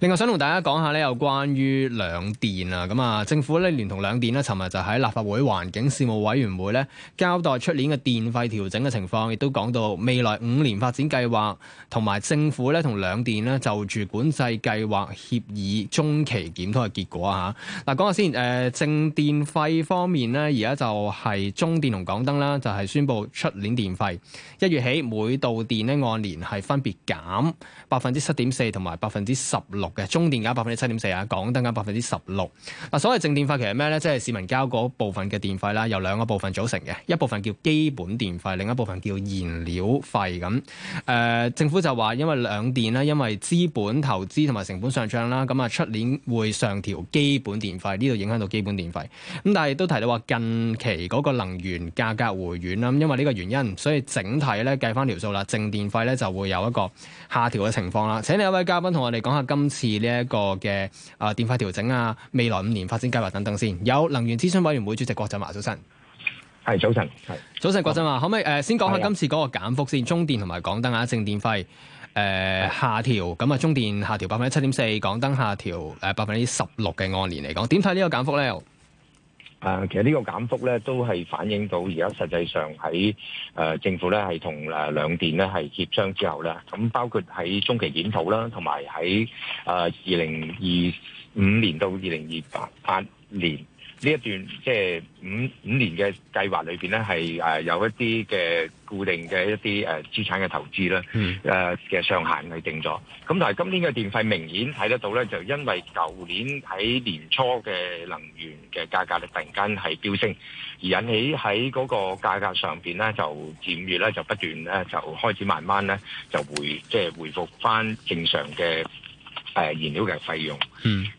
另外想同大家講下咧，有關於兩電啊，咁啊，政府咧連同兩電咧，尋日就喺立法會環境事務委員會咧交代出年嘅電費調整嘅情況，亦都講到未來五年發展計劃，同埋政府咧同兩電咧就住管制計劃協議中期檢討嘅結果啊吓。嗱，講下先，誒，淨電費方面咧，而家就係中電同港燈啦，就係宣布出年電費一月起每度電咧按年係分別減百分之七點四同埋百分之十六。嘅中電減百分之七點四啊，港燈減百分之十六。嗱，所謂淨電費其實咩呢？即係市民交嗰部分嘅電費啦，由兩個部分組成嘅，一部分叫基本電費，另一部分叫燃料費咁。誒、呃，政府就話因為兩電咧，因為資本投資同埋成本上漲啦，咁啊出年會上調基本電費，呢度影響到基本電費。咁但係都提到話近期嗰個能源價格回暖啦，咁因為呢個原因，所以整體咧計翻條數啦，淨電費咧就會有一個下調嘅情況啦。請你有位嘉賓同我哋講下今次。次呢一個嘅啊電費調整啊，未來五年發展計劃等等先。有能源諮詢委員會主席郭振華早，早晨，係早晨，係早晨，郭振華，可唔可以誒先講下今次嗰個減幅先？中電同埋港燈啊，淨電費誒、呃、下調，咁啊中電下調百分之七點四，港燈下調誒百分之十六嘅，按年嚟講，點睇呢個減幅咧？啊，其實呢個減幅咧，都係反映到而家實際上喺誒、呃、政府咧，係同誒兩電咧係協商之後咧，咁包括喺中期檢討啦，同埋喺誒二零二五年到二零二八八年。呢一段即係五五年嘅計劃裏邊咧，係誒有一啲嘅固定嘅一啲誒資產嘅投資啦，誒嘅上限去定咗。咁但係今年嘅電費，明顯睇得到咧，就因為舊年喺年初嘅能源嘅價格咧，突然間係飆升，而引起喺嗰個價格上邊咧，就漸月咧就不斷咧就開始慢慢咧就回即係回復翻正常嘅誒燃料嘅費用。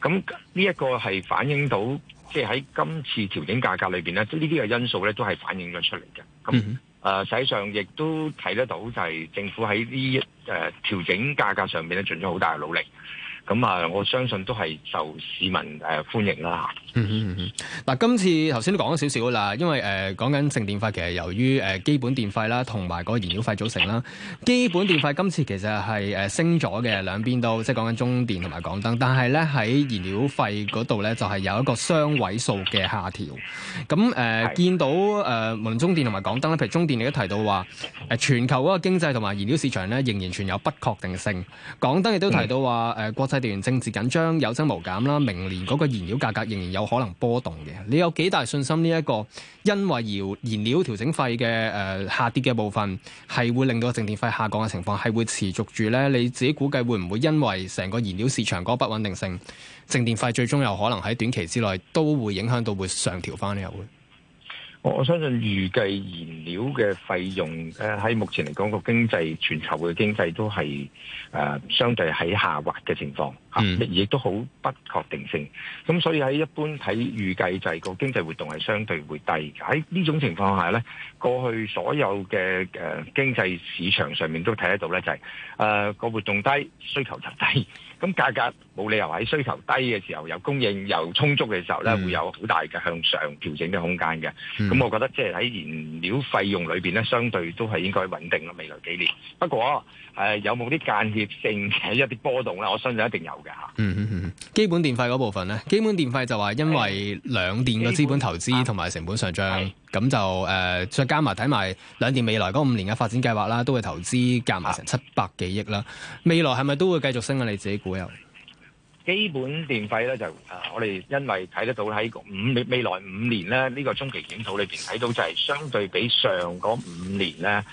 咁呢一個係反映到。即係喺今次調整價格裏面咧，即呢啲嘅因素咧都係反映咗出嚟嘅。咁誒，實、嗯、際、呃、上亦都睇得到就係政府喺呢誒調整價格上面咧，盡咗好大嘅努力。咁啊、呃，我相信都係受市民、呃、歡迎啦。嗯嗯嗯嗱，但今次頭先都講咗少少啦，因為誒講緊淨電費其實由於誒基本電費啦，同埋個燃料費組成啦。基本電費今次其實係誒、呃、升咗嘅，兩邊都即係講緊中電同埋港燈，但係咧喺燃料費嗰度咧，就係、是、有一個雙位數嘅下調，咁誒、呃、見到誒、呃、無論中電同埋港燈咧，譬如中電亦都提到話誒、呃、全球嗰個經濟同埋燃料市場咧仍然存有不確定性。港燈亦都提到話誒、嗯呃、國際電源政治緊張有增無減啦，明年嗰個燃料價格仍然有。有可能波動嘅，你有幾大信心呢一個因為燃料調整費嘅下跌嘅部分，係會令到個淨電費下降嘅情況係會持續住呢？你自己估計會唔會因為成個燃料市場嗰個不穩定性，淨電費最終有可能喺短期之內都會影響到會上調翻咧？又會？我相信預計燃料嘅費用，誒喺目前嚟講個經濟全球嘅經濟都係誒相對喺下滑嘅情況嚇，亦都好不確定性。咁所以喺一般睇預計就係個經濟活動係相對會低。喺呢種情況下咧，過去所有嘅誒經濟市場上面都睇得到咧，就係誒個活動低，需求就低。咁價格冇理由喺需求低嘅時候，有供應又充足嘅時候咧，會有好大嘅向上調整嘅空間嘅。咁、mm. 我覺得即係喺燃料費用裏面咧，相對都係應該穩定咯。未來幾年，不過。係有冇啲間歇性嘅一啲波動咧？我相信一定有嘅。嗯嗯嗯，基本電費嗰部分咧，基本電費就話因為兩電嘅資本投資同埋成本上漲，咁、啊、就誒、呃、再加埋睇埋兩電未來嗰五年嘅發展計劃啦，都會投資夾埋成七百幾億啦。未來係咪都會繼續升啊？你自己估有？基本電費咧就啊，我哋因為睇得到喺五未未來五年咧呢個中期檢討裏邊睇到就係相對比上嗰五年咧，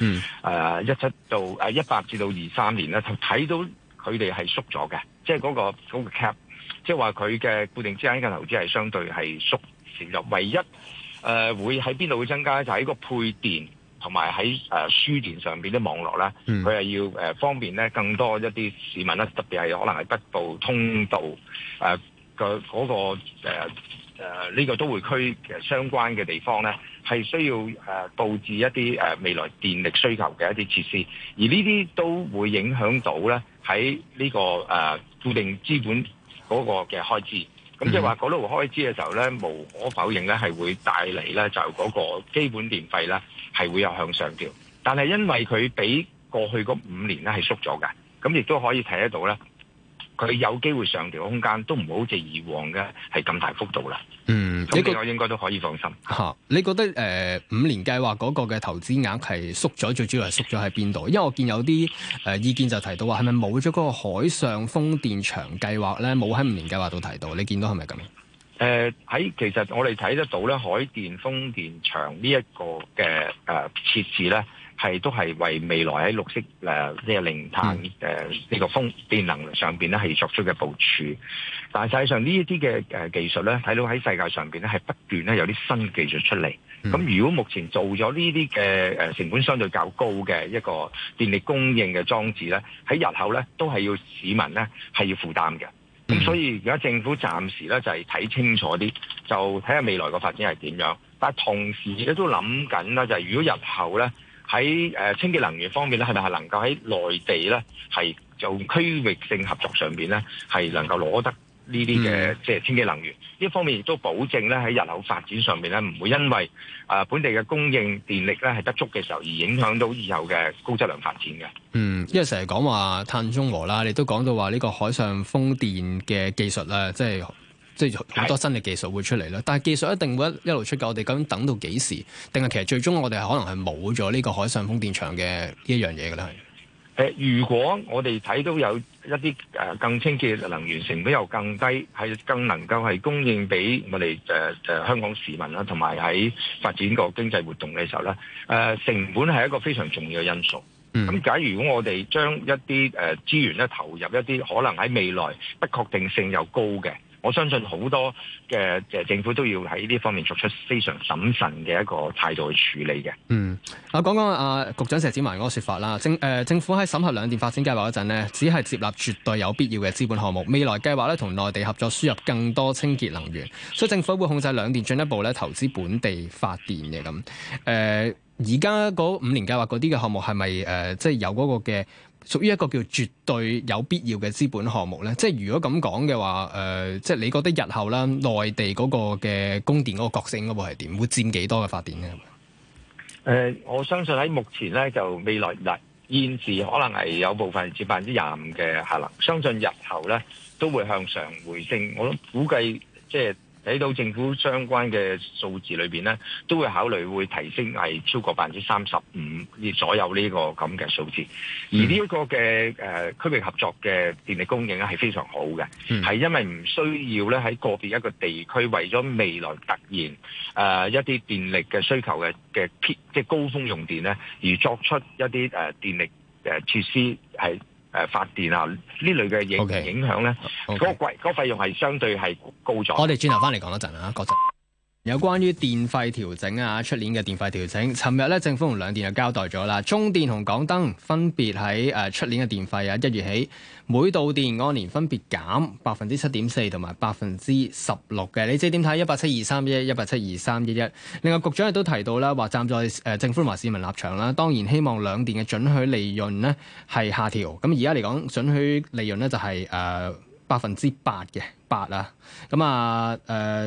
誒一七到誒一八至到二三年咧，就睇到佢哋係縮咗嘅，即係嗰個嗰個 cap，即係話佢嘅固定資產嘅投資係相對係縮少咗。唯一誒會喺邊度會增加咧，就係個配電。同埋喺誒輸電上邊啲網絡咧，佢係要誒方便咧，更多一啲市民咧，特別係可能係北部通道誒個嗰個誒誒呢個都會區嘅相關嘅地方咧，係需要誒佈置一啲誒未來電力需求嘅一啲設施，而呢啲都會影響到咧喺呢個誒固定資本嗰個嘅開支，咁即係話嗰度開支嘅時候咧，無可否認咧係會帶嚟咧就嗰個基本電費咧。係會有向上調，但係因為佢比過去嗰五年咧係縮咗嘅，咁亦都可以睇得到咧，佢有機會上調的空間都唔會好似以往嘅係咁大幅度啦。嗯，咁我應該都可以放心嚇、嗯。你覺得誒五、呃、年計劃嗰個嘅投資額係縮咗，最主要係縮咗喺邊度？因為我見有啲誒、呃、意見就提到話，係咪冇咗嗰個海上風電場計劃咧，冇喺五年計劃度提到？你見到係咪咁？誒、呃，喺其實我哋睇得到咧，海電、風電場呢一個嘅誒設置咧，係都係為未來喺綠色誒即係零碳誒呢個風電能上邊咧係作出嘅部署。但係實際上呢一啲嘅誒技術咧，睇到喺世界上邊咧係不斷咧有啲新技術出嚟。咁、嗯、如果目前做咗呢啲嘅誒成本相對較高嘅一個電力供應嘅裝置咧，喺日後咧都係要市民咧係要負擔嘅。咁、嗯、所以而家政府暫時咧就係睇清楚啲，就睇下未來個發展係點樣。但係同時亦都諗緊啦，就係如果日後咧喺誒清潔能源方面咧，係咪係能夠喺內地咧係就區域性合作上邊咧係能夠攞得？呢啲嘅即係清潔能源，呢、嗯、一方面亦都保證咧喺日後發展上面咧，唔會因為啊本地嘅供應電力咧係不足嘅時候，而影響到以後嘅高質量發展嘅。嗯，因為成日講話碳中和啦，你都講到話呢個海上風電嘅技術咧，即係即係好多新嘅技術會出嚟啦。但係技術一定會一一路出嘅，我哋究竟等到幾時定係其實最終我哋可能係冇咗呢個海上風電場嘅呢一樣嘢嘅啦。係。誒，如果我哋睇到有一啲更清潔的能源成本又更低，係更能夠係供應俾我哋誒香港市民啦，同埋喺發展個經濟活動嘅時候咧，誒成本係一個非常重要嘅因素。咁、mm. 假如果我哋將一啲誒資源咧投入一啲可能喺未來不確定性又高嘅。我相信好多嘅、呃、政府都要喺呢方面作出非常審慎嘅一個態度去處理嘅。嗯，我、啊、講講、啊、局長謝展寰嗰個說法啦。政誒、呃，政府喺審核兩電發展計劃嗰陣咧，只係接納絕對有必要嘅資本項目。未來計劃咧，同內地合作輸入更多清潔能源，所以政府會控制兩電進一步咧投資本地發電嘅咁。誒、呃，而家嗰五年計劃嗰啲嘅項目係咪誒，即係有嗰個嘅？屬於一個叫絕對有必要嘅資本項目咧，即係如果咁講嘅話，誒、呃，即係你覺得日後咧，內地嗰個嘅供電嗰個角色應該會係點？會佔幾多嘅發電咧？誒、呃，我相信喺目前咧就未來，嗱現時可能係有部分佔百分之廿五嘅可能，相信日後咧都會向上回升。我諗估計即係。睇到政府相關嘅數字裏邊咧，都會考慮會提升係超過百分之三十五以左右呢個咁嘅數字。而呢一個嘅誒區域合作嘅電力供應咧，係非常好嘅，係因為唔需要咧喺個別一個地區為咗未來突然誒一啲電力嘅需求嘅嘅偏即係高峰用電咧而作出一啲誒電力誒設施係。誒，發電啊，呢類嘅嘢嘅影響咧，嗰個貴嗰個費用係相對係高咗。我哋轉頭翻嚟講一陣啊，郭有關於電費調整啊，出年嘅電費調整，尋日咧政府同兩電就交代咗啦，中電同港燈分別喺誒，出年嘅電費啊，一月起每度電按年分別減百分之七點四同埋百分之十六嘅，你即係點睇？一八七二三一一，一八七二三一一。另外局長亦都提到啦，話站在誒，政府同埋市民立場啦，當然希望兩電嘅准許利潤呢係下調。咁而家嚟講，准許利潤呢就係誒百分之八嘅。八啊，咁啊，係、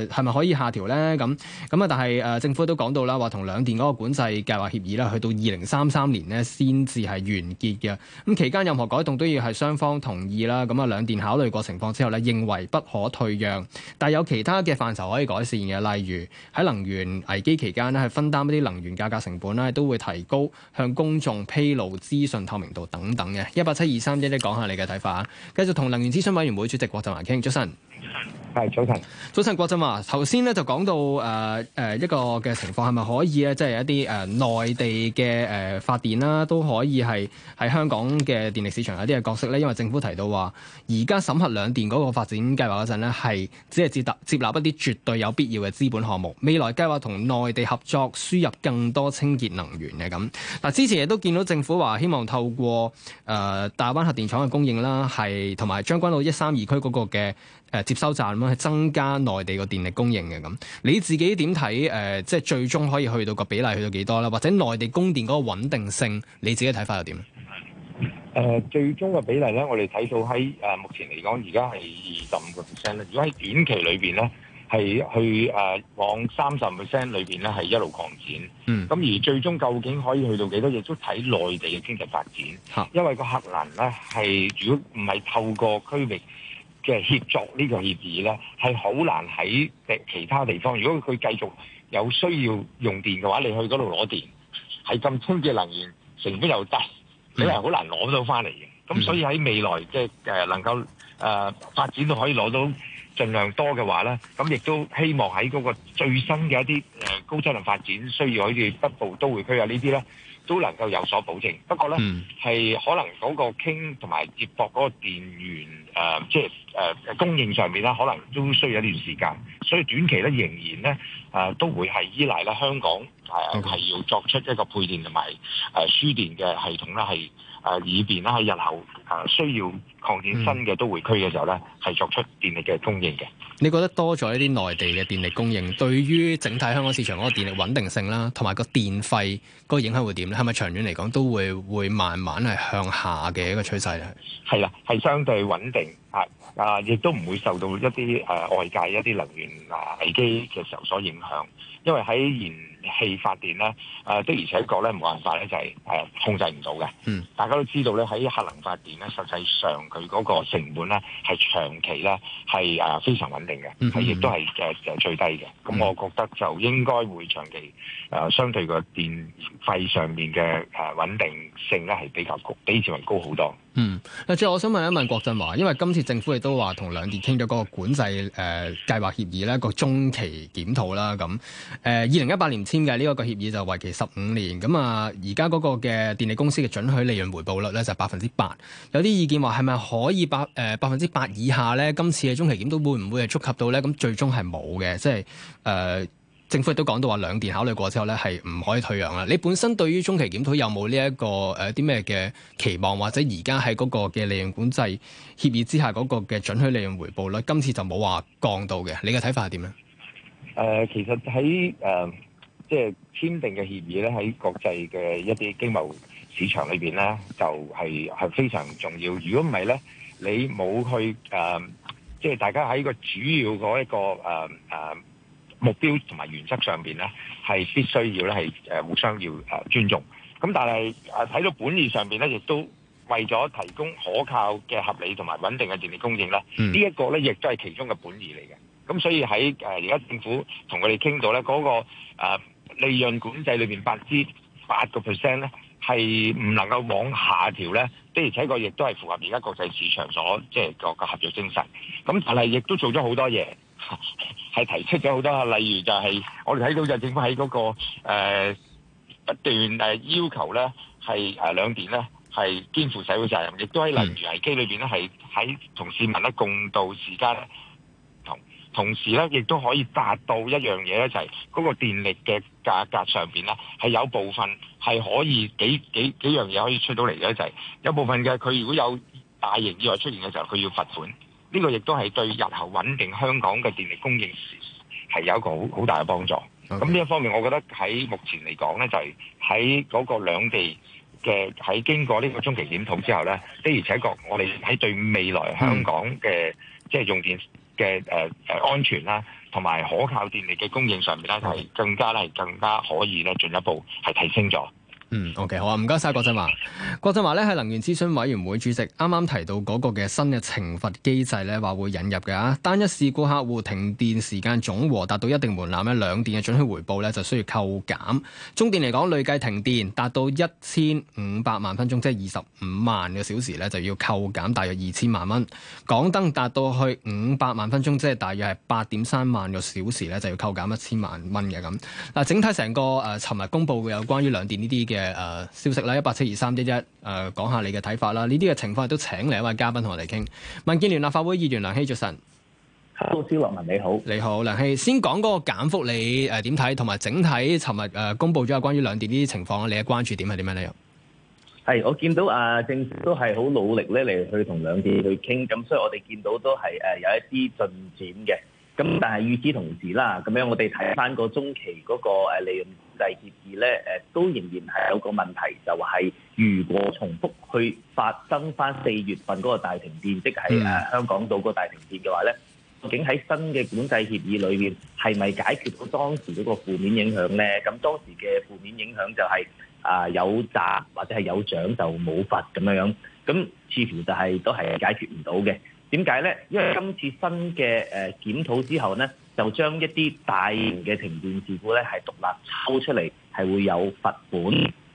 呃、咪可以下調呢？咁咁啊，但係、呃、政府都講到啦，話同兩電嗰個管制計劃協議啦，去到二零三三年呢先至係完結嘅。咁期間任何改動都要係雙方同意啦。咁啊，兩電考慮過情況之後呢，認為不可退讓。但係有其他嘅範疇可以改善嘅，例如喺能源危機期間呢，係分擔一啲能源價格成本呢，都會提高向公眾披露資訊透明度等等嘅。17231, 一八七二三一，一講下你嘅睇法啊！繼續同能源諮詢委員會主席郭振華傾，早晨 係早晨，早晨，郭振華啊！頭先咧就講到誒誒、呃呃、一個嘅情況，係咪可以咧？即、就、係、是、一啲誒內地嘅誒、呃、發電啦、啊，都可以係喺香港嘅電力市場有啲嘅角色咧。因為政府提到話，而家審核兩電嗰個發展計劃嗰陣咧，係只係接，接納接納一啲絕對有必要嘅資本項目。未來計劃同內地合作，輸入更多清潔能源嘅咁。嗱，之前亦都見到政府話希望透過誒、呃、大灣核電廠嘅供應啦，係同埋將軍澳一三二區嗰個嘅。誒接收站咁樣去增加內地個電力供應嘅咁，你自己點睇？誒、呃，即係最終可以去到個比例去到幾多啦？或者內地供電嗰個穩定性，你自己睇法又點？誒、呃，最終嘅比例咧，我哋睇到喺誒、啊、目前嚟講，而家係二十五個 percent 啦。如果喺短期裏邊咧，係去誒、啊、往三十 percent 裏邊咧，係一路擴展。嗯。咁而最終究竟可以去到幾多，亦都睇內地嘅經濟發展。因為個核能咧係如果唔係透過區域。嘅協作個協呢個協議咧，係好難喺誒其他地方。如果佢繼續有需要用電嘅話，你去嗰度攞電係咁清潔能源成本又低，你係好難攞到翻嚟嘅。咁所以喺未來即係誒能夠誒、呃、發展到可以攞到儘量多嘅話咧，咁亦都希望喺嗰個最新嘅一啲誒高質量發展需要，好似北部都會區啊呢啲咧。都能夠有所保證，不過呢，係、嗯、可能嗰個傾同埋接駁嗰個電源誒，即係誒供應上面呢，可能都需要一段時間，所以短期呢，仍然呢，呃、都會係依賴咧香港係、呃嗯、要作出一個配電同埋誒輸電嘅系統咧係。誒、呃、以便咧喺日後誒、呃、需要擴建新嘅都會區嘅時候咧，係作出電力嘅供應嘅。你覺得多咗一啲內地嘅電力供應，對於整體香港市場嗰個電力穩定性啦，同埋個電費嗰個影響會點咧？係咪長遠嚟講都會會慢慢係向下嘅一、這個趨勢咧？係啦、啊，係相對穩定，係啊，亦、啊、都唔會受到一啲誒、呃、外界一啲能源啊危機嘅時候所影響，因為喺現氣發電咧，誒的而且確咧冇辦法咧，就係誒控制唔到嘅。嗯，大家都知道咧，喺核能發電咧，實際上佢嗰個成本咧係長期咧係誒非常穩定嘅，係亦都係誒誒最低嘅。咁我覺得就應該會長期誒相對個電費上面嘅誒穩定性咧係比較高，比以前高好多。嗯，嗱，最後我想問一問郭振華，因為今次政府亦都話同兩電傾咗嗰個管制誒計劃協議咧，個中期檢討啦，咁誒二零一八年簽嘅呢一個協議就為期十五年，咁啊，而家嗰個嘅電力公司嘅準許利潤回報率咧就百分之八，有啲意見話係咪可以百誒百分之八以下咧？今次嘅中期檢討會唔會係觸及到咧？咁最終係冇嘅，即係誒。呃政府亦都講到話兩電考慮過之後咧，係唔可以退讓啦。你本身對於中期檢討有冇呢一個誒啲咩嘅期望？或者而家喺嗰個嘅利潤管制協議之下嗰個嘅準許利潤回報率，今次就冇話降到嘅。你嘅睇法係點咧？誒，其實喺誒即係簽訂嘅協議咧，喺國際嘅一啲經貿市場裏邊咧，就係係非常重要。如果唔係咧，你冇去誒，即係大家喺個主要嗰一個誒誒。目標同埋原則上邊咧，係必須要咧係誒互相要誒尊重。咁但係誒睇到本意上邊咧，亦都為咗提供可靠嘅合理同埋穩定嘅電力供應咧，呢、嗯、一、這個咧亦都係其中嘅本意嚟嘅。咁所以喺誒而家政府同佢哋傾到咧，嗰、那個利潤管制裏邊百分之八個 percent 咧，係唔能夠往下調咧。的而且確亦都係符合而家國際市場所即係個個合作精神。咁但係亦都做咗好多嘢。係提出咗好多，例如就係我哋睇到就政府喺嗰個誒不斷誒要求咧，係誒兩邊咧，係肩負社會責任，亦都可以例如危機裏邊咧，係喺同市民咧共度時艱，同同時咧亦都可以達到一樣嘢咧，就係嗰個電力嘅價格上邊咧係有部分係可以幾幾幾樣嘢可以出到嚟嘅，就係有部分嘅佢如果有大型意外出現嘅時候，佢要罰款。呢個亦都係對日後穩定香港嘅電力供應係有一個好好大嘅幫助。咁呢一方面，我覺得喺目前嚟講呢就係喺嗰個兩地嘅喺經過呢個中期檢討之後呢，的而且確我哋喺對未來香港嘅、hmm. 即係用電嘅誒、呃、安全啦，同埋可靠電力嘅供應上面咧，係、hmm. 更加咧更加可以咧進一步係提升咗。嗯，OK，好啊，唔該晒。郭振華，郭振華咧係能源諮詢委員會主席。啱啱提到嗰個嘅新嘅懲罰機制咧，話會引入嘅啊。單一事故客戶停電時間總和達到一定門檻咧，兩電嘅准許回報咧就需要扣減。中電嚟講，累計停電達到一千五百萬分鐘，即係二十五萬個小時咧，就要扣減大約二千萬蚊。港燈達到去五百萬分鐘，即係大約係八點三萬個小時咧，就要扣減一千萬蚊嘅咁。嗱，整體成個誒尋日公布嘅有關於兩電呢啲嘅。嘅誒消息啦，1, 一八七二三一一誒，講下你嘅睇法啦。呢啲嘅情況都請嚟一位嘉賓同我哋傾。民建聯立法會議員梁熙，早晨。好，肖立文，你好。你好，梁熙。先講嗰個減幅，你誒點睇？同埋整體，尋日誒公佈咗有關於兩電呢啲情況，你嘅關注點係點樣咧？又我見到啊，政府都係好努力咧嚟去同兩電去傾。咁所以我哋見到都係誒、啊、有一啲進展嘅。咁但係與之同時啦，咁樣我哋睇翻個中期嗰、那個利潤。啊制協議咧，誒都仍然係有個問題，就係如果重複去發生翻四月份嗰個大停電，即係誒香港島嗰個大停電嘅話咧，究竟喺新嘅管制協議裏邊係咪解決到當時嗰個負面影響咧？咁當時嘅負面影響就係啊有責或者係有獎就冇罰咁樣樣，咁似乎就係都係解決唔到嘅。點解咧？因為今次新嘅誒檢討之後咧。就將一啲大型嘅停電事故咧，係獨立抽出嚟，係會有罰款。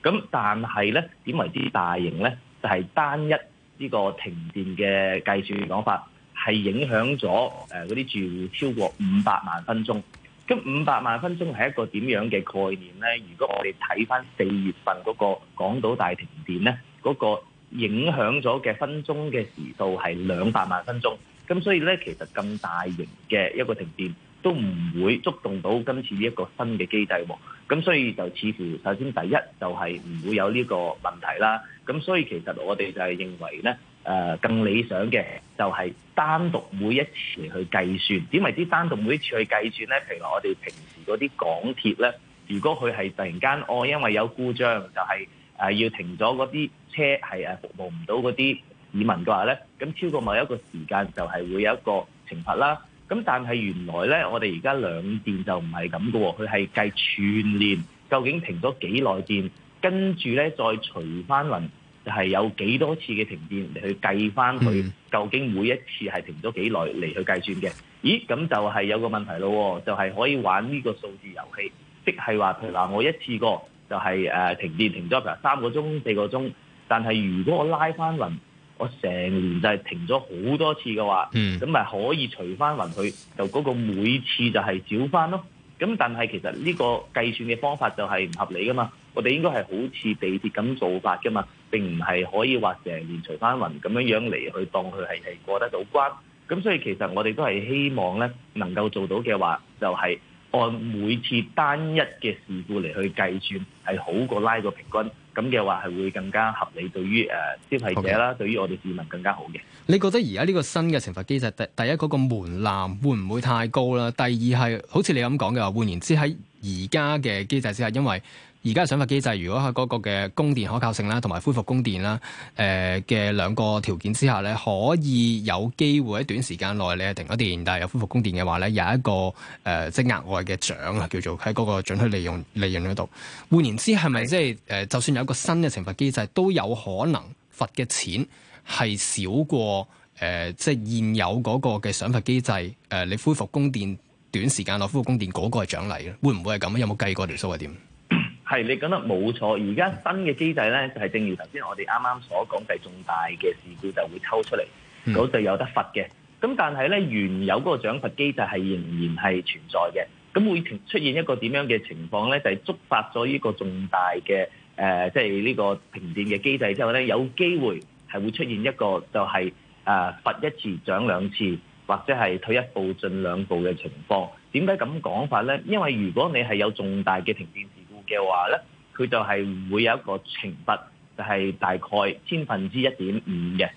咁但係咧，點為之大型咧，就係單一呢個停電嘅計算講法，係影響咗誒嗰啲住戶超過五百萬分鐘。咁五百萬分鐘係一個點樣嘅概念咧？如果我哋睇翻四月份嗰個港島大停電咧，嗰個影響咗嘅分鐘嘅時數係兩百萬分鐘。咁所以咧，其實咁大型嘅一個停電。都唔會觸動到今次呢一個新嘅機制喎，咁所以就似乎首先第一就係唔會有呢個問題啦。咁所以其實我哋就係認為呢，誒、呃、更理想嘅就係單獨每一次去計算。點為之單獨每一次去計算呢？譬如話我哋平時嗰啲港鐵呢，如果佢係突然間哦，因為有故障就係、是、誒要停咗嗰啲車，係誒服務唔到嗰啲市民嘅話呢，咁超過某一個時間就係會有一個懲罰啦。咁但係原來咧，我哋而家兩電就唔係咁㗎喎，佢係計全年究竟停咗幾耐電，跟住咧再除翻運就係、是、有幾多次嘅停電嚟去計翻佢究竟每一次係停咗幾耐嚟去計算嘅。咦？咁就係有個問題咯、哦，就係、是、可以玩呢個數字遊戲，即係話譬如話我一次過就係停電停咗譬如三個鐘四個鐘，但係如果我拉翻運。我成年就係停咗好多次嘅話，咁、嗯、咪可以除翻勻去，就嗰個每次就係少翻咯。咁但係其實呢個計算嘅方法就係唔合理噶嘛。我哋應該係好似地鐵咁做法噶嘛，並唔係可以話成年除翻勻咁樣樣嚟去當佢係係過得到關。咁所以其實我哋都係希望咧能夠做到嘅話，就係、是、按每次單一嘅事故嚟去計算，係好過拉個平均。咁嘅話係會更加合理，對於誒、呃、消費者啦，Okay. 對於我哋市民更加好嘅。你覺得而家呢個新嘅懲罰機制第第一嗰、嗰個門檻會唔會太高啦？第二係好似你咁講嘅話，換言之，喺而家嘅機制之下，因為？而家嘅獎罰機制，如果喺嗰個嘅供電可靠性啦，同埋恢復供電啦，誒嘅兩個條件之下咧，可以有機會喺短時間內你停咗電，但係有恢復供電嘅話咧，有一個誒即係額外嘅獎啊，叫做喺嗰個準許利用利潤嗰度。換言之，係咪即係誒，就算有一個新嘅懲罰機制，都有可能罰嘅錢係少過誒，即、呃、係、就是、現有嗰個嘅獎罰機制？誒、呃，你恢復供電短時間內恢復供電嗰、那個係獎勵咧，會唔會係咁？有冇計過條數係點？係，你講得冇錯。而家新嘅機制咧，就係、是、正如頭先我哋啱啱所講，就係重大嘅事故就會抽出嚟，咁就有得罰嘅。咁但係咧，原有嗰個獎罰機制係仍然係存在嘅。咁會出現一個點樣嘅情況咧，就係、是、觸發咗呢個重大嘅誒，即係呢個停電嘅機制之後咧，有機會係會出現一個就係誒罰一次獎兩次，或者係退一步進兩步嘅情況。點解咁講法咧？因為如果你係有重大嘅停電事嘅話咧，佢就係會有一個懲罰，就係大概千分之一點五嘅。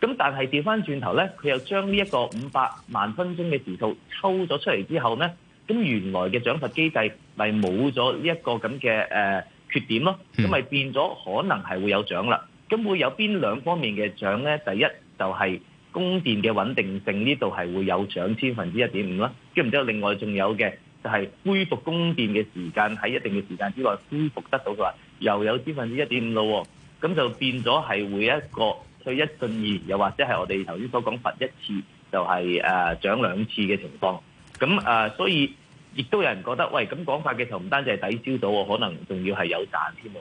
咁但係調翻轉頭咧，佢又將呢一個五百萬分鐘嘅時數抽咗出嚟之後咧，咁原來嘅獎罰機制咪冇咗呢一個咁嘅誒缺點咯，咁咪變咗可能係會有獎啦。咁會有邊兩方面嘅獎咧？第一就係供電嘅穩定性呢度係會有獎千分之一點五啦。跟唔之後，另外仲有嘅。就係、是、恢復供電嘅時間喺一定嘅時間之內恢復得到嘅話，又有百分之一點五咯，咁就變咗係會一個退一進二，又或者係我哋頭先所講罰一次就係誒獎兩次嘅情況。咁誒、呃，所以亦都有人覺得，喂，咁講法嘅時候唔單止係抵消到，可能仲要係有賺添。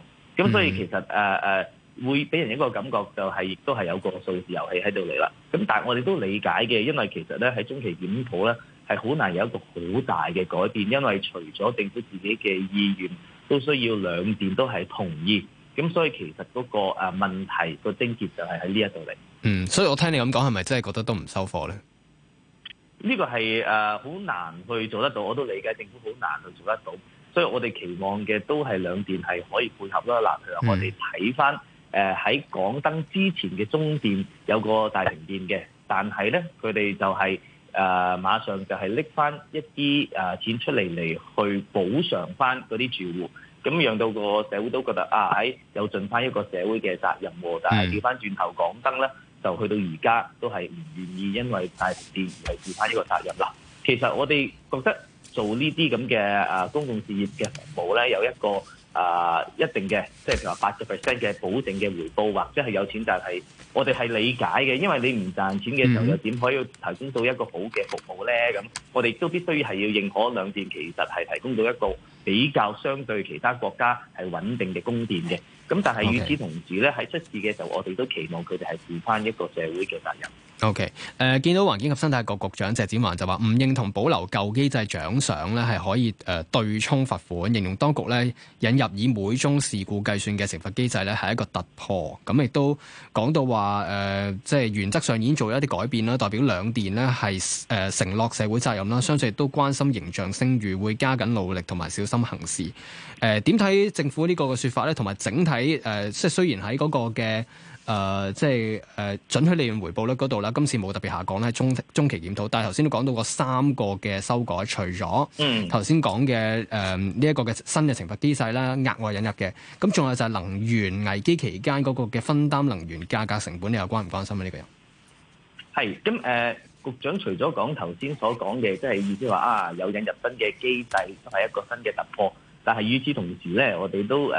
咁所以其實誒誒、呃，會俾人一個感覺，就是，就係亦都係有個數字遊戲喺度嚟啦。咁但係我哋都理解嘅，因為其實咧喺中期檢討咧。係好難有一個好大嘅改變，因為除咗政府自己嘅意願，都需要兩電都係同意。咁所以其實嗰個誒問題、個症結就係喺呢一度嚟。嗯，所以我聽你咁講，係咪真係覺得都唔收貨咧？呢個係誒好難去做得到，我都理解政府好難去做得到。所以我哋期望嘅都係兩電係可以配合啦。嗱，譬如我哋睇翻誒喺港燈之前嘅中電有個大停電嘅，但係咧佢哋就係、是。誒、呃、馬上就係拎翻一啲誒、呃、錢出嚟嚟去補償翻嗰啲住戶，咁讓到個社會都覺得啊喺、哎、有盡翻一個社會嘅責任喎。但係調翻轉頭講真咧，就去到而家都係唔願意因為大事件而係負翻一個責任啦。其實我哋覺得做呢啲咁嘅誒公共事業嘅服務咧，有一個。啊、呃，一定嘅，即係譬如話八個 percent 嘅保證嘅回報，或者係有錢，但係，我哋係理解嘅，因為你唔賺錢嘅時候、嗯、又點可以提供到一個好嘅服務咧？咁我哋都必須係要認可兩電，其實係提供到一個比較相對其他國家係穩定嘅供電嘅。咁但係與此同時咧，喺出事嘅時候，我哋都期望佢哋係負翻一個社會嘅責任。O.K. 誒、呃，見到環境及生態局局長謝展寰就話唔認同保留舊機制獎賞咧，係可以誒、呃、對沖罰款，形容當局咧引入以每宗事故計算嘅懲罰機制咧係一個突破。咁亦都講到話誒、呃，即係原則上已經做咗一啲改變啦，代表兩電咧係誒承諾社會責任啦，相信亦都關心形象聲譽，會加緊努力同埋小心行事。誒點睇政府這個說法呢個嘅説法咧？同埋整體誒、呃，即係雖然喺嗰個嘅。誒，即係誒準許利潤回報率嗰度啦，今次冇特別下降咧，中中期檢討。但係頭先都講到個三個嘅修改，除咗嗯，頭先講嘅誒呢一個嘅新嘅懲罰機制啦，額外引入嘅，咁仲有就係能源危機期間嗰個嘅分擔能源價格成本，你有關唔關心啊？呢個人係咁誒，局長除咗講頭先所講嘅，即係意思話啊，有引入新嘅機制都係一個新嘅突破。但係，與此同時咧，我哋都唔好、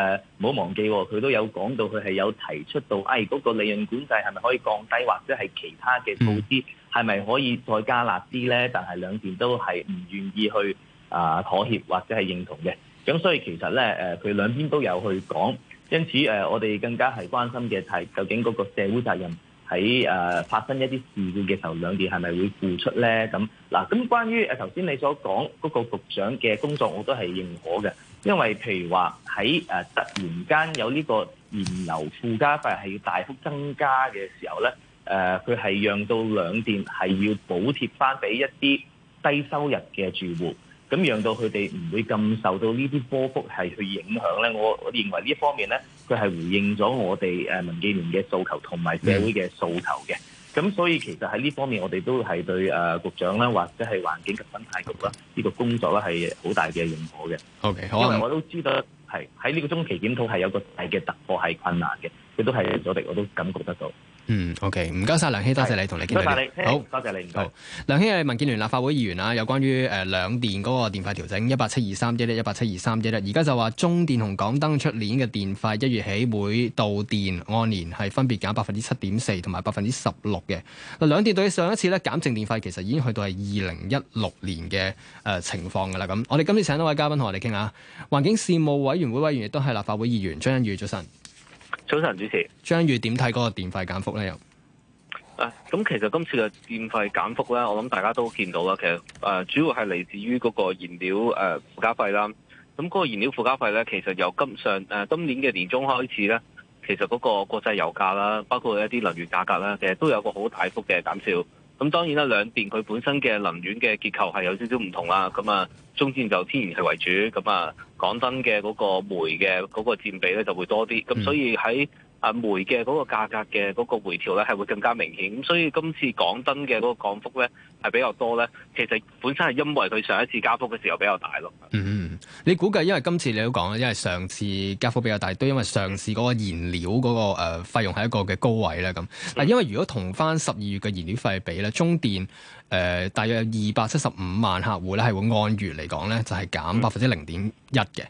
呃、忘記、哦，佢都有講到，佢係有提出到，誒、哎、嗰、那個利潤管制係咪可以降低，或者係其他嘅措施係咪可以再加辣啲咧？但係兩邊都係唔願意去啊、呃、妥協或者係認同嘅。咁所以其實咧佢、呃、兩邊都有去講，因此誒、呃，我哋更加係關心嘅係究竟嗰個社會責任喺誒、呃、發生一啲事故嘅時候，兩邊係咪會付出咧？咁嗱，咁關於誒頭先你所講嗰、那個局長嘅工作，我都係認可嘅。因為譬如話喺突然間有呢個燃油附加費係要大幅增加嘅時候咧，誒佢係讓到兩電係要補貼翻俾一啲低收入嘅住戶，咁讓到佢哋唔會咁受到呢啲波幅係去影響咧。我我認為呢一方面咧，佢係回應咗我哋誒民建聯嘅訴求同埋社會嘅訴求嘅。咁所以其實喺呢方面我，我哋都係對誒局長啦，或者係環境及生態局啦，呢、okay. 個工作咧係好大嘅認可嘅。O K，好，因為我都知道係喺呢個中期檢討係有個大嘅突破係困難嘅，佢都係阻力，我都感覺得到。嗯，OK，唔該晒梁熙。多謝，謝你同你傾偈，多謝，謝你。好，謝謝謝謝，好，梁熙係民建聯立法會議員啦，有關於誒、呃、兩電嗰個電費調整，一八七二三一一一八七二三一一，而家就話中電同港燈出年嘅電費一月起每度電按年係分別減百分之七點四同埋百分之十六嘅。嗱，兩電對上一次咧減淨電費其實已經去到係二零一六年嘅誒、呃、情況噶啦。咁，我哋今次請到位嘉賓同我哋傾下環境事務委員會委員亦都係立法會議員張欣宇，早晨。早晨，主持張宇點睇嗰個電費減幅咧？又啊，咁其實今次嘅電費減幅咧，我諗大家都見到啦。其實誒、呃、主要係嚟自於嗰個燃料誒附、呃、加費啦。咁嗰個燃料附加費咧，其實由今上誒、呃、今年嘅年中開始咧，其實嗰個國際油價啦，包括一啲能源價格啦，其實都有個好大幅嘅減少。咁當然啦，兩邊佢本身嘅能源嘅結構係有少少唔同啦。咁啊，中電就天然氣為主，咁啊，港燈嘅嗰個煤嘅嗰個佔比咧就會多啲。咁所以喺啊煤嘅嗰個價格嘅嗰個回調咧，係會更加明顯。咁所以今次港燈嘅嗰個降幅咧，係比較多咧。其實本身係因為佢上一次加幅嘅時候比較大咯。嗯嗯，你估計因為今次你都講啦，因為上次加幅比較大，都因為上次嗰個燃料嗰、嗰個誒、呃、費用係一個嘅高位咧。咁啊，嗯、但因為如果同翻十二月嘅燃料費比咧，中電誒、呃、大約二百七十五萬客戶咧，係會按月嚟講咧，就係減百分之零點一嘅。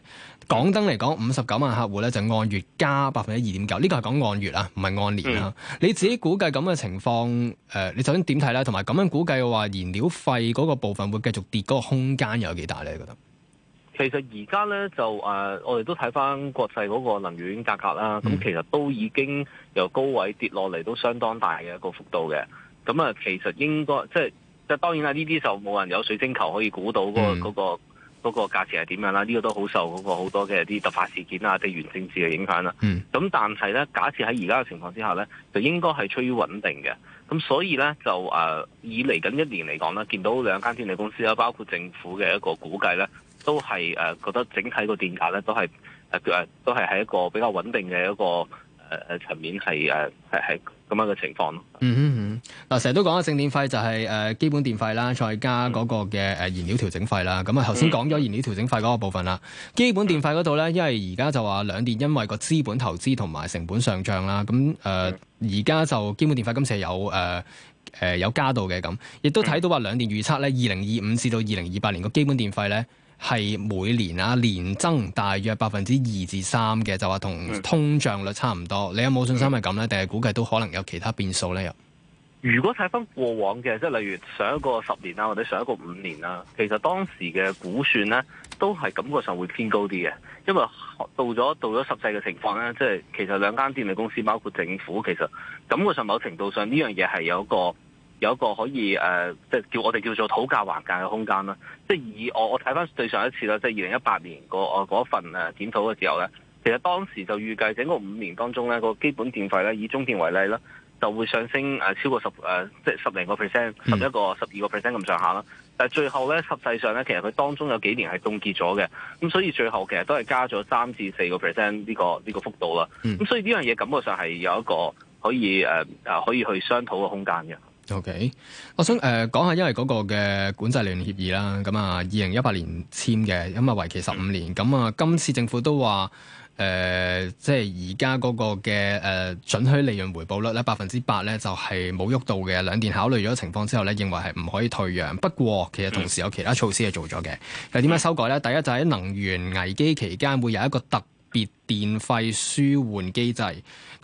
港燈嚟講，五十九萬客戶咧就按月加百分之二點九，呢個係講按月啦，唔係按年啦、嗯。你自己估計咁嘅情況，誒，你首先點睇咧，同埋咁樣估計嘅話，燃料費嗰個部分會繼續跌嗰、嗰個空間有幾大咧？你覺得？其實而家咧就誒、呃，我哋都睇翻國際嗰個能源價格,格啦。咁、嗯、其實都已經由高位跌落嚟，都相當大嘅一個幅度嘅。咁啊，其實應該即係即係當然啦。呢啲就冇人有水晶球可以估到嗰個嗰個。嗯嗰、那個價錢係點樣啦？呢、這個都好受嗰個好多嘅啲突發事件啊、地緣政治嘅影響啦、啊。咁但係咧，假設喺而家嘅情況之下咧，就應該係趨於穩定嘅。咁所以咧，就誒、呃、以嚟緊一年嚟講咧，見到兩間電力公司啦，包括政府嘅一個估計咧，都係誒、呃、覺得整體個電價咧都係誒、呃、都係喺一個比較穩定嘅一個。誒誒，層面係誒係係咁樣嘅情況咯。嗯嗯嗱，成日都講啊，淨、啊啊 mm-hmm. 電費就係誒基本電費啦，再加嗰個嘅誒燃料調整費啦。咁啊，頭先講咗燃料調整費嗰個部分啦。基本電費嗰度咧，因為而家就話兩電因為個資本投資同埋成本上漲啦，咁誒而家就基本電費今次係有誒誒、呃呃、有加到嘅。咁，亦都睇到話兩電預測咧，二零二五至到二零二八年個基本電費咧，係每年啦、啊，年增大約百分之二至三嘅，就話同通脹率差唔多。你有冇信心係咁呢？定係估計都可能有其他變數呢？又如果睇返過往嘅，即係例如上一個十年啦，或者上一個五年啦，其實當時嘅估算呢，都係感覺上會偏高啲嘅。因為到咗到咗實際嘅情況呢，即係其實兩間電力公司包括政府，其實感覺上某程度上呢樣嘢係有一個。有一個可以誒，即、呃、係叫我哋叫做討價還價嘅空間啦。即係以我我睇翻最上一次啦，即係二零一八年嗰份誒檢討嘅時候咧，其實當時就預計整個五年當中咧、嗰個基本電費咧，以中電為例啦，就會上升誒超過十誒、呃，即係十零個 percent，十一個、十二個 percent 咁上下啦。但係最後咧實際上咧，其實佢當中有幾年係凍結咗嘅，咁所以最後其實都係加咗三至四個 percent 呢、呢個呢、呢個幅度啦。咁所以呢樣嘢感覺上係有一個可以誒啊、呃、可以去商討嘅空間嘅。OK，我想誒、呃、講一下，因為嗰個嘅管制利潤協議啦，咁啊，二零一八年簽嘅，咁啊，為期十五年，咁啊，今次政府都話誒、呃，即係而家嗰個嘅誒、呃、準許利潤回報率咧百分之八咧，就係冇喐到嘅。兩電考慮咗情況之後咧，認為係唔可以退讓。不過其實同時有其他措施係做咗嘅。又點樣修改咧？第一就喺能源危機期間會有一個特別電費舒緩機制。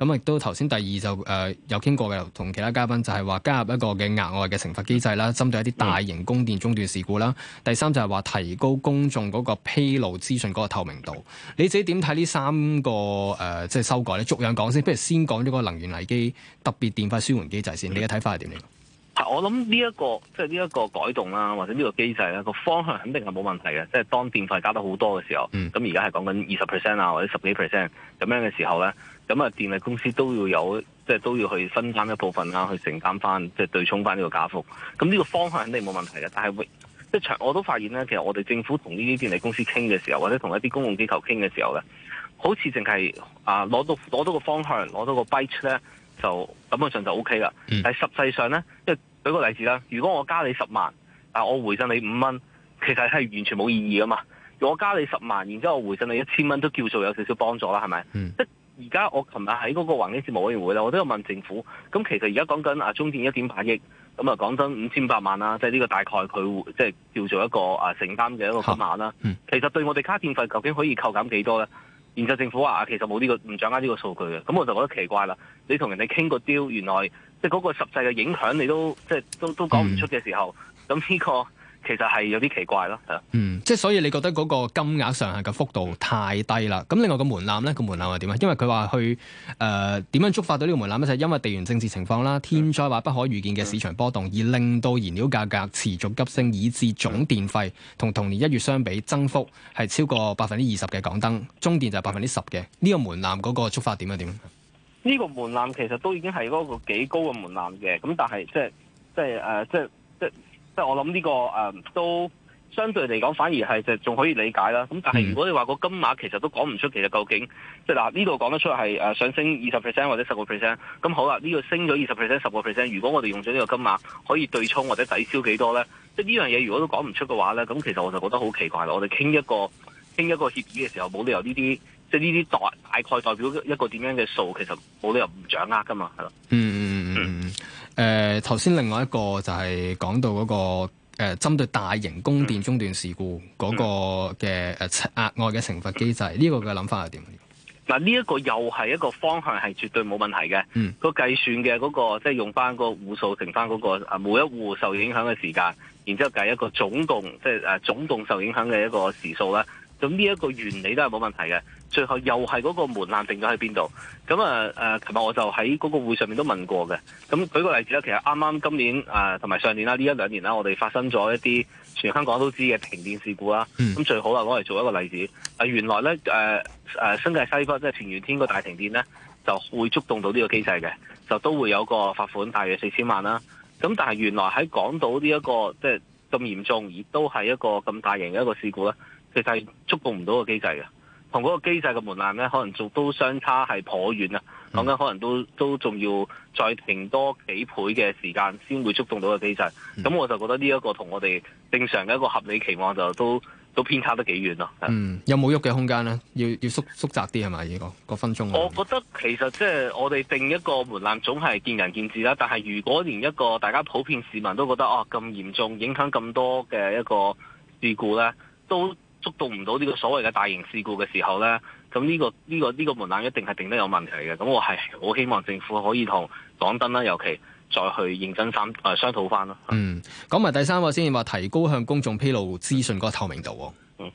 咁亦都頭先第二就誒、呃、有傾過嘅，同其他嘉賓就係話加入一個嘅額外嘅懲罰機制啦，針對一啲大型供電中斷事故啦。第三就係話提高公眾嗰個披露資訊嗰個透明度。你自己點睇呢三個、呃、即係修改咧？逐樣講先，不如先講呢個能源危機特別電費舒緩機制先。你嘅睇法係點樣？我諗呢一個即係呢一個改動啦、啊，或者呢個機制咧、啊，個方向肯定係冇問題嘅。即、就、係、是、當電費加得好多嘅時候，咁而家係講緊二十 percent 啊，或者十幾 percent 咁樣嘅時候咧。咁啊，電力公司都要有，即係都要去分擔一部分啊去承擔翻，即係對沖翻呢個加幅。咁呢個方向肯定冇問題嘅，但係即係我都發現咧，其實我哋政府同呢啲電力公司傾嘅時候，或者同一啲公共機構傾嘅時候咧，好似淨係啊攞到攞到個方向，攞到個 b i t e 呢，咧，就咁本上就 O K 啦。Mm. 但係實際上咧，即係舉個例子啦，如果我加你十萬，我回贈你五蚊，其實係完全冇意義噶嘛。如果我加你十萬，然之後我回贈你一千蚊，都叫做有少少幫助啦，係咪？即、mm. 而家我琴日喺嗰個環境事務委員會咧，我都有問政府。咁其實而家講緊啊，中電一點八億，咁啊講緊五千八萬啦，即係呢個大概佢即係叫做一個啊承擔嘅一個金額啦。其實對我哋加電費究竟可以扣減幾多咧？然後政府話啊，其實冇呢、呢個唔掌握呢個數據嘅。咁我就覺得奇怪啦。你同人哋傾個 deal，原來即係嗰個實際嘅影響你都即係都都講唔出嘅時候，咁、嗯、呢、呢個。其實係有啲奇怪咯，嗯，即係所以你覺得嗰個金額上限嘅幅度太低啦。咁另外個門檻呢？個門檻係點啊？因為佢話去誒點、呃、樣觸發到呢個門檻咧，就係因為地緣政治情況啦、天災或不可預見嘅市場波動，而令到燃料價格持續急升，以致總電費同同年一月相比，增幅係超過百分之二十嘅港燈，中電就係百分之十嘅。呢、這個門檻嗰個觸發點係點？呢、這個門檻其實都已經係嗰個幾高嘅門檻嘅，咁但係即係即係誒、呃、即係。即係我諗呢、這個誒、呃、都相對嚟講反而係就仲可以理解啦。咁但係如果你話個金額其實都講唔出，其實究竟即係嗱呢度講得出係誒、呃、上升二十 percent 或者十個 percent。咁好啦，呢個升咗二十 percent 十個 percent，如果我哋用咗呢個金額可以對沖或者抵消幾多咧？即係呢樣嘢如果都講唔出嘅話咧，咁其實我就覺得好奇怪啦。我哋傾一個傾一個協議嘅時候冇理由呢啲。即係呢啲代大概代表一個點樣嘅數，其實冇理由唔掌握噶嘛，係、嗯、咯。嗯嗯嗯嗯。誒、呃，頭先另外一個就係講到嗰、那個誒，針、呃、對大型供電中斷事故嗰、嗯那個嘅誒額外嘅懲罰機制，呢、嗯這個嘅諗法係點？嗱、啊，呢、這、一個又係一個方向，係絕對冇問題嘅。嗯。個計算嘅嗰、那個，即係用翻個戶數乘翻嗰個、啊、每一戶受影響嘅時間，然之後計一個總共，即係誒、啊、總共受影響嘅一個時數咧。咁呢一個原理都係冇問題嘅，最後又係嗰個門檻定咗喺邊度？咁啊誒，琴日我就喺嗰個會上面都問過嘅。咁舉個例子啦，其實啱啱今年誒同埋上年啦，呢一兩年啦，我哋發生咗一啲全香港都知嘅停電事故啦。咁最好啦，攞嚟做一個例子。原來咧誒新界西嗰即係前圓天個大停電咧，就會觸動到呢個機制嘅，就都會有個罰款大約四千萬啦。咁但係原來喺港島呢一個即係咁嚴重，而都係一個咁大型嘅一個事故呢。其實係觸動唔到個機制嘅，同嗰個機制嘅門檻咧，可能仲都相差係頗遠啊！講、嗯、緊可能都都仲要再停多幾倍嘅時間先會觸動到個機制，咁、嗯、我就覺得呢一個同我哋正常嘅一個合理期望就都都偏差得幾遠咯。嗯，有冇喐嘅空間咧？要要縮縮窄啲係嘛？呢、個、個分鐘。我覺得其實即係我哋定一個門檻，總係見仁見智啦。但係如果連一個大家普遍市民都覺得哦咁、啊、嚴重影響咁多嘅一個事故咧，都觸動唔到呢個所謂嘅大型事故嘅時候呢，咁呢個呢個呢個門檻一定係定得有問題嘅。咁我係好希望政府可以同港燈啦、尤其再去認真三誒、呃、商討翻咯。嗯，講埋第三個先至話提高向公眾披露資訊嗰個透明度。嗯，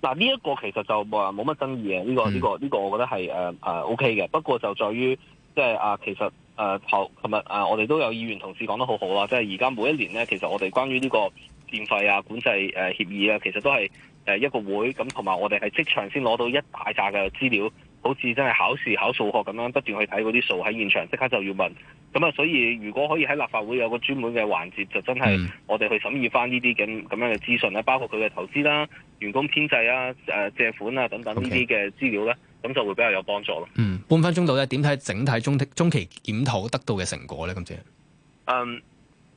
嗱呢一個其實就冇乜爭議嘅，呢個呢個呢個我覺得係誒誒 O K 嘅。不過就在於即係啊，就是 uh, 其實誒頭琴日啊，uh, uh, 我哋都有議員同事講得好好啦，即係而家每一年呢，其實我哋關於呢個，電費啊，管制誒協議啊，其實都係誒一個會咁，同埋我哋喺即場先攞到一大扎嘅資料，好似真係考試考數學咁樣，不斷去睇嗰啲數喺現場，即刻就要問。咁啊，所以如果可以喺立法會有個專門嘅環節，就真係我哋去審議翻呢啲咁咁樣嘅資訊啦，包括佢嘅投資啦、員工編制啊、誒借款啊等等呢啲嘅資料咧，咁、okay. 就會比較有幫助咯。嗯，半分鐘到咧，點睇整體中期檢討得到嘅成果咧？今次嗯，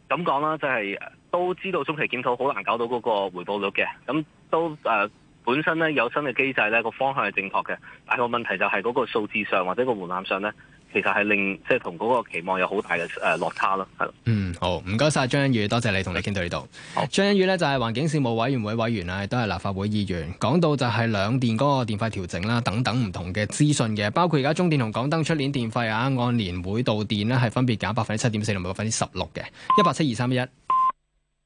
咁講啦，就係、是。都知道中期檢討好難搞到嗰個回報率嘅，咁都誒、呃、本身咧有新嘅機制咧，個方向係正確嘅，但係個問題就係嗰個數字上或者個門檻上咧，其實係令即係同嗰個期望有好大嘅誒、呃、落差咯。係。嗯，好唔該晒張欣宇，多謝你同我哋傾到呢度。張欣宇呢，就係、是、環境事務委員會委員啊，都係立法會議員，講到就係兩電嗰個電費調整啦，等等唔同嘅資訊嘅，包括而家中電同港燈出年電費啊，按年每度電呢，係分別減百分之七點四同百分之十六嘅一八七二三一。